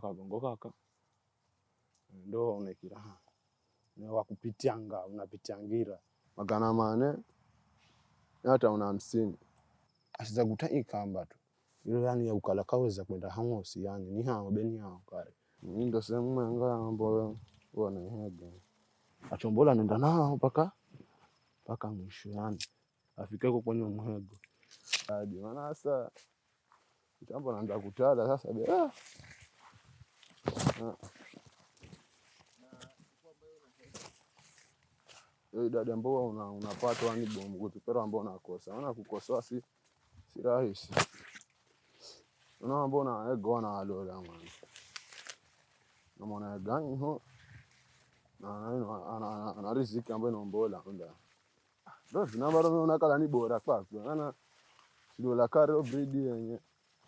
kaka ndo waonekiraha wakupitianga unapitiangira magana mane hata una hamsini asizaguta ikamba tu ilo yani ya ukala kaweza kwenda hamosi yani ni hao beni hao kare ndo sehemu yanga ambayo wana hega achombola nenda nao paka paka mwisho yani afikeko kwenye mhego hadi manasa sasa kitambo naanza kutala sasa ah idadi eh, eh, ambao unapata una yani gotupera ambao unakosa ana kukosoa si si rahisi unaambona egona alola mwana namona egani ho ana riziki ambayo inombola unda ndo zinambaro unakala ni bora kwako ana sidola karo bridi yenye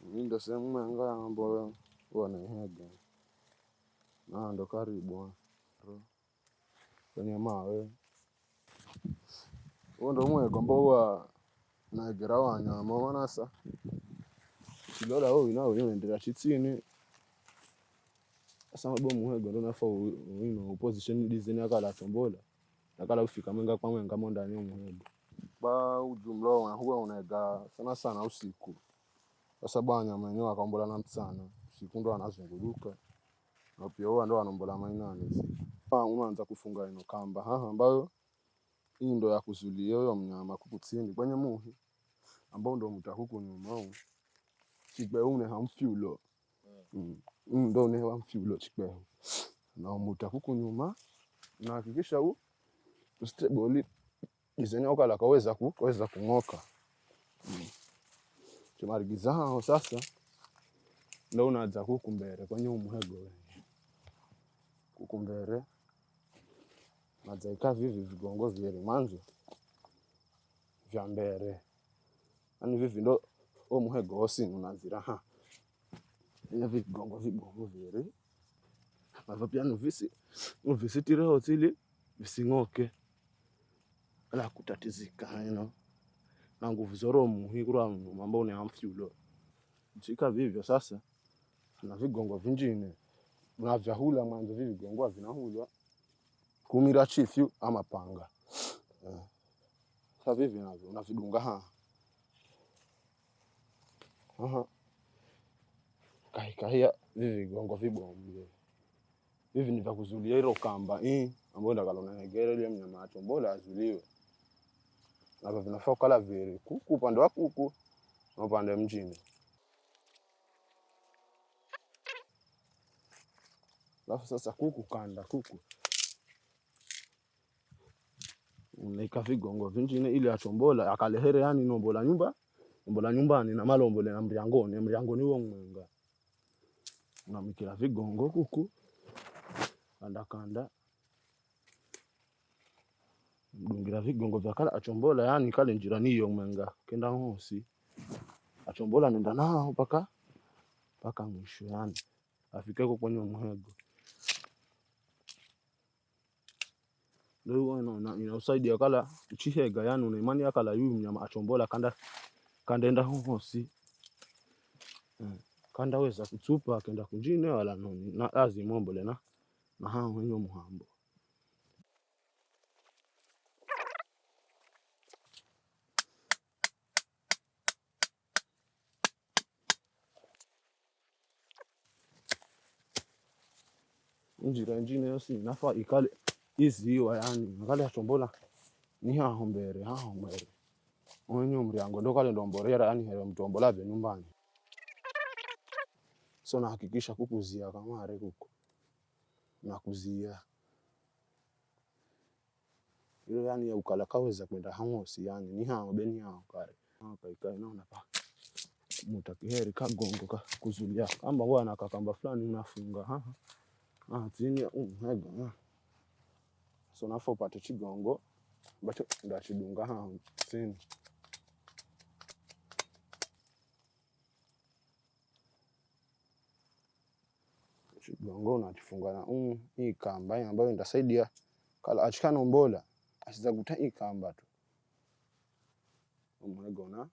ndo sehemu yangu ambayo wona hega nando karibu kwenye mawe huo ndo mweko ambao naekera wanyama wanasa kiloda uyu nawe uendera chitsini asa mabomu hego ndo nafa wino position design akala chombola nakala ufika mwenga kwa mwenga mondani umuhego ba ujumla huwa unaega sana sana usiku kwa sasa bwana mwenyewe akambola na msana usiku ndo anazunguruka pia nopioa ndo anombola maina ah, unaanza kufunga ino kamba haha ambayo hii ndo yakuzulia yo mnyama kukutsindi kwenye muhi ambao ndo mta huku nyuma u chikwehu uneha mfyulo mm. mm, ndo uneha mfyulo chikwehu na muta huku nyuma na hakikisha u stable izenyeokala kaweza ku, kaweza kung'oka mm. chimarigizaho sasa ndo unaanza mbele kwenye umuhego we kukumbere madzaika vivi vigongo vyeri mwanzo vya mbere ani vivi ndo gosi nunazira ha iya vigongo vigongo vyeri mava pia nuvisi nuvisitireho tsili vising'oke ala kutatizika ino na nguvu zoro muhi kurwa mambo uneamfyulo mchika vivyo sasa na vigongo vinjine navyahula mwanzo vivi vyangua vinahulwa kumira chifyu ama panga yeah. Sa vivi navyo unavidunga ha aha kahikahia vivi vigongwa vibombe vivi ni vya kuzulia ilo kamba hii eh? ambayo ndakalonaegera ile mnyama acho mbola azuliwe navyo vinafoka la viri kuku upande wa kuku na upande mjini Alafu sasa kuku kanda kuku unaika vigongo vingine ili achombola akalehere yani nombola nyumba nombola nyumbani na malombole na mriangoni mriangoni uwo mwenga unamikila vigongo kuku kanda kanda mdungira vigongo vya kala achombola yani kale yaani njira niyo mwenga kenda hosi achombola nenda nao paka paka mwisho yani afike kwenye mwego inausaidia kala chihega yani una imani yakala yuyu mnyama achombola kanda kandenda hohosi eh, kanda weza kutsupa kenda kunjine wala noni na azimombole na na muhambo njira njine yosi nafa ikale iziwa yani ngalashombona onyo mriango ndo kale ndomborera yani hero mtombola ve nyumbani so nahakikisha kukuzia kamare kuko nakuzia ilo yani ya ukala kaweza kwenda hamosi yani nihao beni hao kare kaikae naona pa mutakiheri kagongo ka kuzulia kamba bwana kakamba fulani unafunga ha ha Ah, tini um, mm, umega ha so nafa upate chigongo ambacho ndachidunga hamsini chigongo unachifunga na um hii kamba ambayo ndasaidia kala asiza kuta hii kamba tu umwegona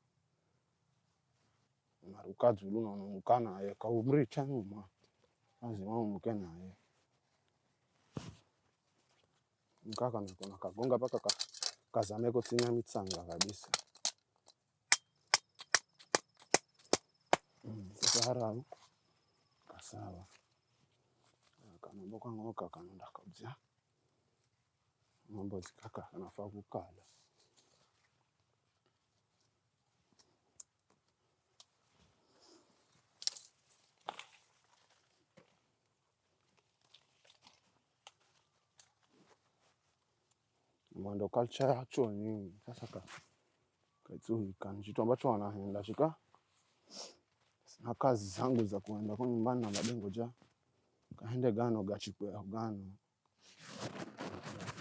unaruka zulu naunukanaye kaumri chanuma azima umuke naye mkaka kagonga mpaka ka, kazameko mitsanga kabisa zitararu mm, kasava ah, kanombo kangoka kanonda kabza mambo zikaka kanafa kukala Mwando culture yacho nini sasa ka kaitsuhi kanjitu ambacho wanaenda shika na kazi zangu za kuenda kwa nyumbani na madengo ja kahende gano gachikwea gano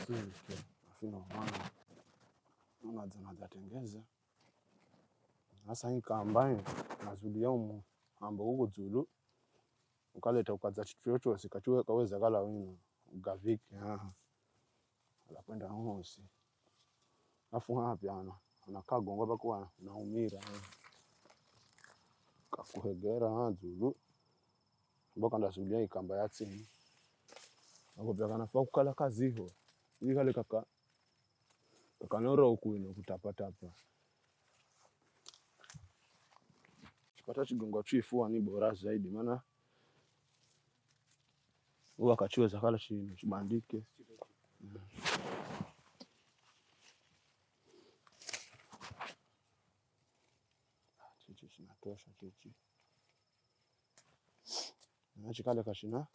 ke afino wana hasa inkaambaye nazulia umu amba huko zulu ukaleta ukaza chitu chochose kachiwe kaweza kala wino ugavike aha kwenda Hosi. Alafu hapana, unakaa gongo pakuwa naumira kakuhegera hadzulu mboka ndasulia ikamba ya tsini akovyakanafa kukala kaziho ikale kaka kakanoro kuino kutapatapa chipata chigongo chifua ni bora zaidi, maana uwakachiweza kala chini chibandike Chichi zinatosha chichi, nachi kale kashina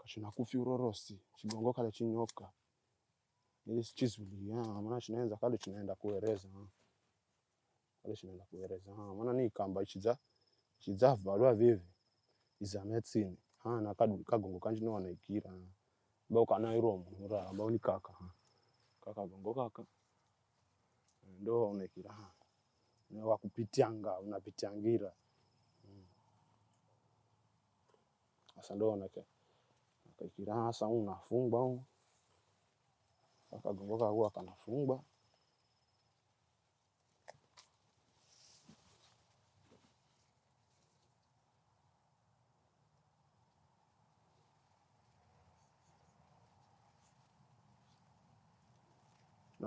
kashina kufi urorosi chigongo kale chinyoka ili sichizulia ah, maana chinaenza kale chinaenda kuereza ah. kale chinaenda kuereza ah, maana ni kamba ichiza ichiza valwa vivi izametini hana kagongo kanji ikira ambao kanairo ambao ni kaka kaka gongo kaka ndo onekiraha wakupitianga unapitiangira hmm. asa ndo oneke akaikiraha sa unafungwa kaka kakua kanafungwa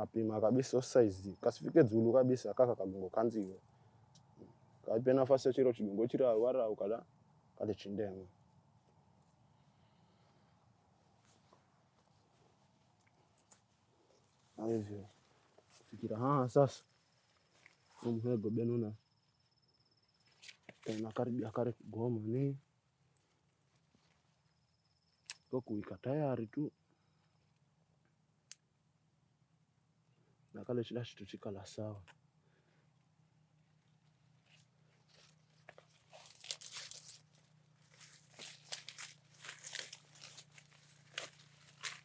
Napima kabisa osaizi kasifike dzulu kabisa kaka kabongo kanziwe kaipe nafasi ya chiro chibongo chira wara ukala kale chindemo fikira haa, sasa umhego tena karibia kare kugoma ni kokuika tayari tu nakale chilachitu chikala sawa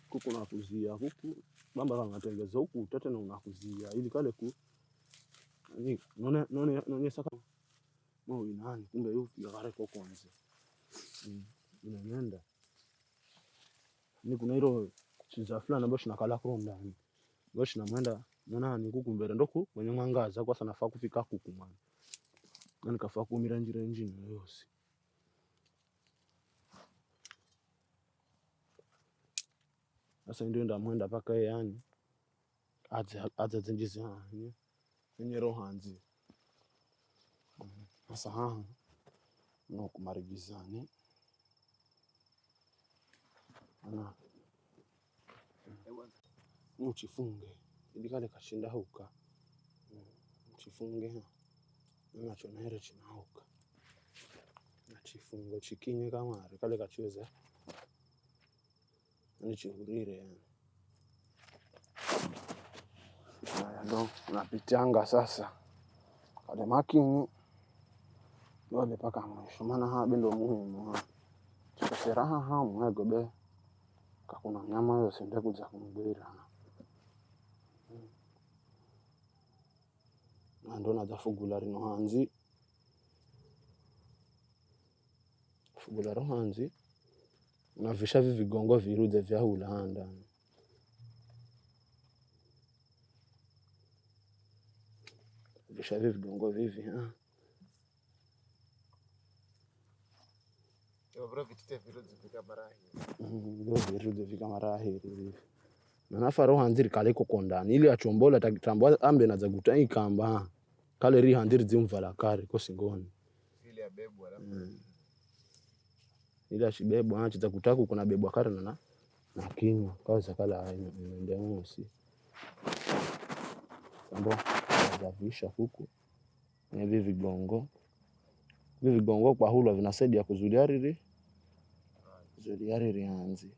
kuku nakuzia kuku bamba kangatengeza huku utate unakuzia ili kale ku none none kumbe yupi yakare kokonze mm, inanenda ni kuna hilo chiza fulani ambayo shinakala kwa ndani ambayo shinamwenda munani kukumbera ndoku mwenye mwangaza kwasa nafaa kufika kuku mwana anikafaa kuumira njira njino yose sasa ndio ndamwenda paka yani adzazenjize hanye ah, enyero hanzi sasa haha nokumarigizane uchifunge ndikale kashindauka chifunge nacho chinauka na chifungo chikinye kamwari kale kachiweza nichihurire yani haya ndo unapitanga sasa kale makini yole mpaka mwisho maana habe ndo muhimu chikaseraha hamwego be kakuna mnyama yose ndekuza kumubwira andona aza fugula rino hanzi fugula ro hanzi navisha vigongo virudze vya handani visha vigongo vivi ha viruze vikamarahiri hivi mm, nanafaro hanzi rikaliko ndani ili achombola takitambo ambe naza guta ikamba kale rihandiri dzimvala kare kosingoni ile ashibebwa mm. anacheza ah, kutaku kuna bebwa kare na na kinywa kaza kala ndio musi sambo huku hivi vigongo hivi vigongo kwa hulwa vinasaidia kuzulia riri zulia riri anzi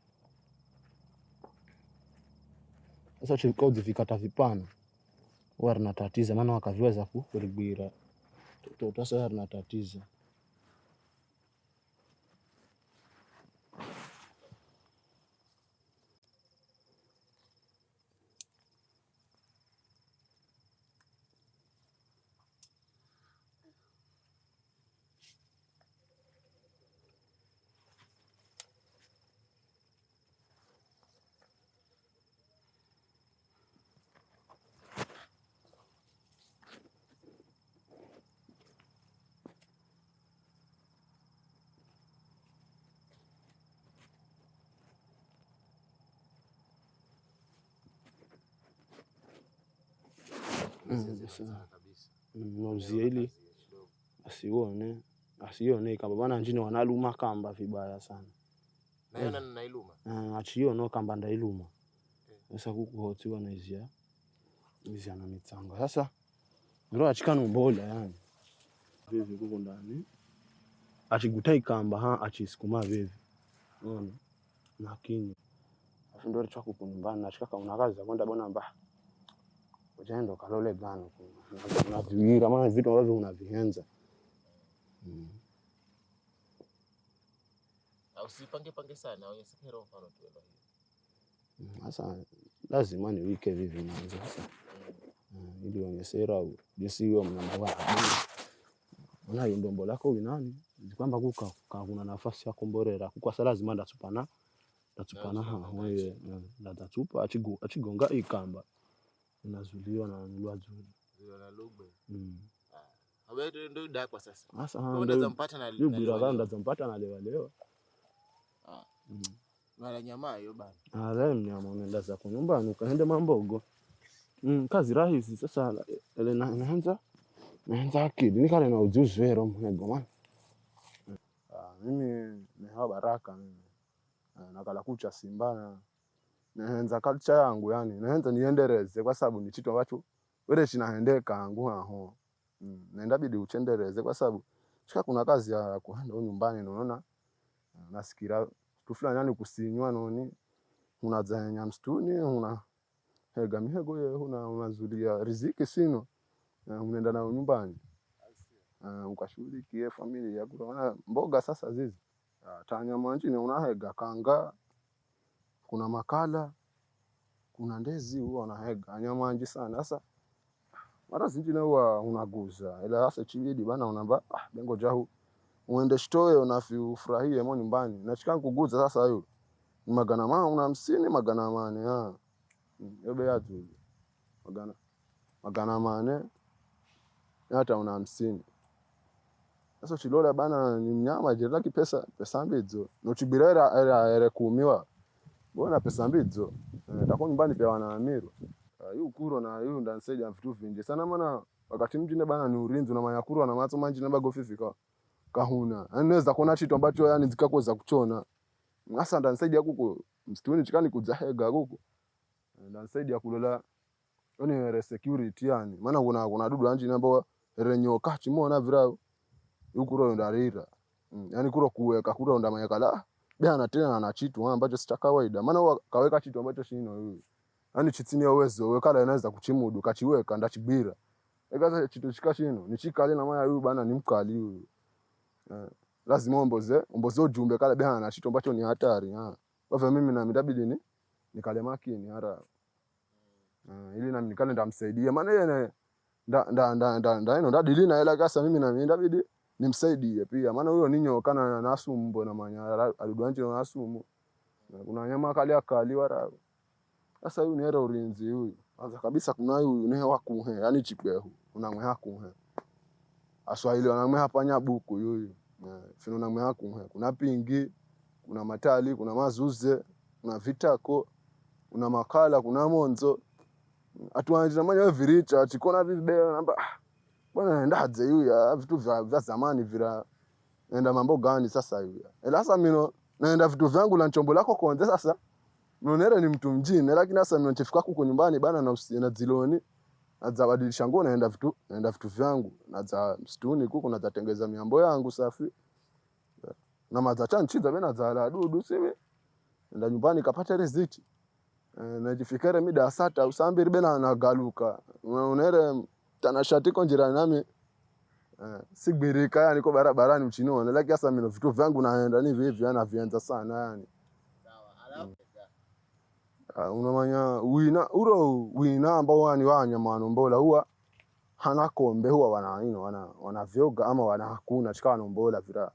sasa chikao zivikata vipana huwa linatatiza, maana wakaviweza kuribwira tutasa sasa linatatiza nozia mm, yaani ili asione asione kamba bana njino wanaluma kamba vibaya sana eh. uh, ah, achiono kamba ndailuma eh. sasa kukuhotiwa naizia izia na mitsanga sasa ndo achikana umbola yani vivi kuko ndani achiguta ikamba ha achisukuma vivi ona nakinya afu ndo alichwa kukunyumbani nachikaka unakaza kwenda bona mbaha utaenda ukalole gani? Kuna viwira vitu ambavyo unavienza mm. Sasa mm, lazima niwike vivi mwanzo sasa, mm, ili wenye sera jinsi hiyo mnambawa ona indombo lako winani kwamba kuka kuna nafasi ya komborera kukwasa lazima ndatupana ndatupana hawe ndatupa achigonga ikamba unazuliwa na unalua zuri. Ndazampata nalewalewa ale ah. mnyama mm. ah, unaenda zako nyumbani ukaende mambogo mm, kazi rahisi. Sasa naenza naenza akili nikale na ujuzi wero mnegomana ah, mimi neha baraka mimi nakala kucha simbana nahenza culture yangu yani nahenza niendereze kwa sababu ni chitu ambacho wewe chinahendeka yangu haho mm. naenda bidi uchendereze kwa sababu chika kuna kazi ya kuenda nyumbani unaona nasikira tu fulani yani kusinywa noni una unazanya msituni una hega mihego ye una unazulia riziki sino uh, unaenda na nyumbani uh, ukashughulikie familia yako mboga sasa zizi uh, tanya njini unahega kanga kuna makala, kuna ndezi huwa wanahega nyamanji sana. Sasa mara zingine huwa unaguza, ila sasa chibidi bana, unaamba ah, bengo jahu uende shtoe ufurahie mo nyumbani nachika kuguza sasa yule ni magana ma una hamsini magana mane ah yobe yatu magana magana mane hata una hamsini sasa chilola bana ni mnyama jela kipesa pesa mbidzo nochibirera era ere kumiwa Bona pesa mbili zo. Eh, nitakuwa nyumbani pia wanaamiru. Eh, yu kuro na yu ndansaidia vitu vingi. Sana maana wakati mjine bana ni urinzi na manya kuro na mato manji na bago fifika. Kahuna. Yaani naweza kuona chitu ambacho yani zikako za kuchona. Ngasa ndansaidia kuko msituni chikani kudzahega kuko. Eh, ndansaidia kulola yani security yani. Maana kuna kuna dudu anji namba renyo kachi mona virao. Yu kuro ndarira. Mm, yaani kuro kuweka kuro kala Bana tena ana chitu ambacho si cha kawaida. Maana huwa kaweka chitu ambacho shino yule. Yaani chitini ya uwezo, wewe kala inaweza kuchimudu, kachiweka ndachibira. chitu maya huyu bana ni mkali huyu. Eh. Lazima omboze, omboze ujumbe kala bana ana chitu ambacho ni hatari. Kwa hivyo mimi na ni nikale makini ili nikale ndamsaidia maana yeye nda nda nda nda nda nda nimsaidie pia, maana huyo ninyo kana nasumbo na manya aludwanje na nasumu kuna nyama kali akali rago sasa huyu niera urinzi huyu kwanza kabisa kuna huyu ni ne kuhe, yani chikwehu unamwe hakuhe aswahili wanamwe hapanya buku huyu fino namwe hakuhe kuna pingi kuna matali kuna mazuze kuna vitako kuna makala kuna monzo atuanjira manya viricha chikona vibea namba ah bwana naenda hadze ya vitu vya, vya zamani vira naenda mambo gani sasa yuya ela sasa mino naenda vitu vyangu na nchombo lako konze sasa nonere ni mtu mjini lakini sasa mino nchifika huko nyumbani bana na usi na ziloni Naza badilisha nguo naenda vitu naenda vitu vyangu naza msituni huko tengeza miambo yangu safi na mazacha nchiza bena za dudu siwe Naenda nyumbani kapata riziki e, eh, najifikere mida sata usambiri bena nagaluka unere tanashati tanashatiko njira nami Uh, eh, sigbereka yani ko barabarani uchiniona lakini sasa mimi vitu vyangu naenda nivi hivi ana yaani vianza sana yani sawa alafu uh, unamanya wina uro wina ambao wani wanya wanyamano mbola huwa hana kombe huwa wana ino wana wana vyoga ama wana hakuna chikawa nombola vira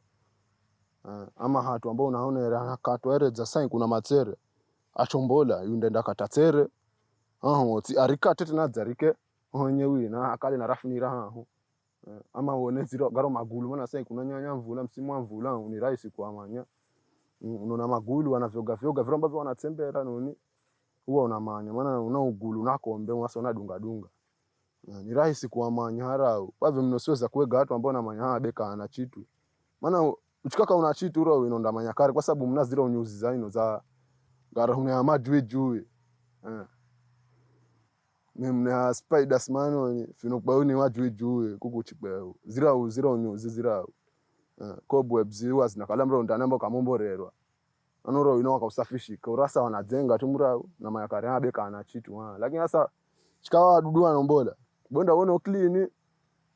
uh, ama hatu ambao unaona era nakatwere za sai kuna matsere achombola yundenda katatsere aho uh, arika tete zarike onye wi na akali na rafu ni raha haho eh, ama wone ziro garo magulu mana sai kuna nyanya mvula msimu wa mvula ni rahisi kuamanya mm, unaona magulu wanavyoga vyoga vile ambavyo wanatembea nini huwa una manya maana una ugulu na kombe wasa una dunga dunga eh, ni rahisi manya harau bavyo mnosiweza kuwega watu ambao na manya ha deka na chitu maana uchikaka una chitu ro inonda ndamanya kare kwa sababu mna ziro nyuzi za ino za garo ni ama juwe juu eh nimna spiders mano fino bauni watu ijue kukuchibeu zirau zirau ni zizirau uh, eh, cobweb ziwa zinakalamra undanamba kamomborerwa anoro ino wakausafishika urasa wanajenga tumurau na mayakari abeka na chitu ha lakini sasa chikawa wadudu wanombola bonda wono clean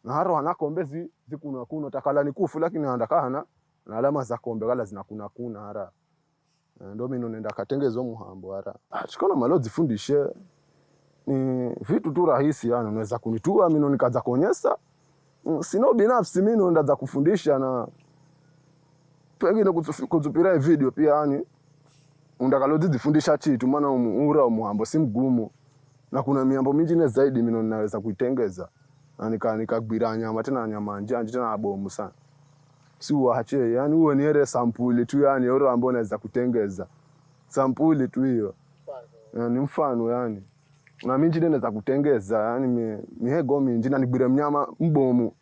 na haro wanakombe zi zikuna kuna takala ni kufu lakini andakana na alama za kombe kala zinakuna kuna hara eh, ndio mimi nenda katengezo muhambo hara achikona ah, malo zifundishe ni vitu tu rahisi, yani unaweza kunitua mimi nikaanza kuonyesha mm, sino binafsi mimi ndo ndaanza kufundisha na pengine kuzupira video pia, yani undakalozizifundisha chitu, maana ura umuhambo si mgumu na kuna miambo mingine zaidi mimi ninaweza kuitengeza na nika nikagwira nyama tena nyama njanje tena abomu sana, si uache yani uwe ni ere sampuli tu yani ora ambao unaweza kutengeza sampuli tu hiyo ni yani, mfano yani na minjine neza kutengeza yani mihego minji nanigwire mnyama mbomu